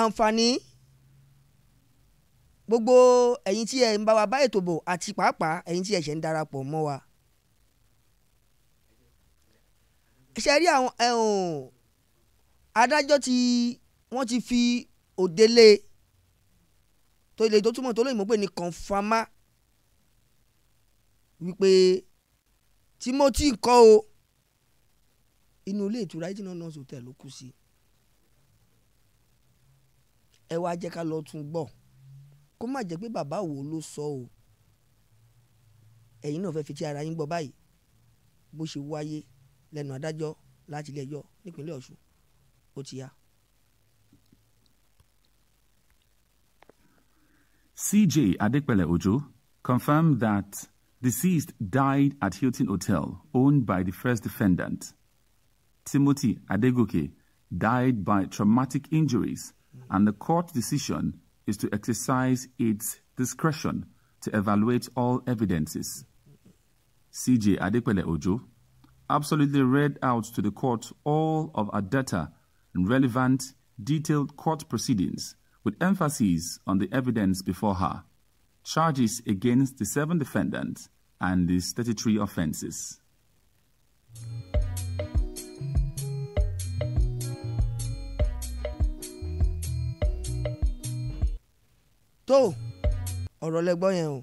àǹfààní gbogbo ẹ̀yin tí ẹ ń bá wa bá ètò bọ̀ àti pàápàá ẹ̀yin tí ẹ ṣe ń darapọ̀ mọ́ wa. ṣe rí àwọn adájọ́ tí wọ́n ti fi òdele tó ilé e tó túmọ̀ tó lóyìnbó pè ní kọ̀ǹfàmá wípé Timothy ńkọ́ o inú ilé ìtura eighteen hundred hotel ló kú sí. Si ẹ wá jẹ́ ká lọ tún gbọ́ kó má jẹ́ pé bàbá wo ló sọ o ẹ̀yin náà fẹ́ fi ti ara yín gbọ́ báyìí bó ṣe wáyé lẹ́nu adájọ́ láti ilé nípínlẹ̀ Ọ̀ṣun ó ti yá. CJ Adekpele Ojo confirmed that deceased died at Hilton Hotel owned by the first defendant. Timothy Adegoke died by traumatic injuries and the court decision is to exercise its discretion to evaluate all evidences. CJ Adepele Ojo absolutely read out to the court all of our data and relevant, detailed court proceedings with emphasis on the evidence before her, charges against the seven defendants, and the statutory offenses. tó ọ̀rọ̀ lẹ́gbọ́n yẹn o.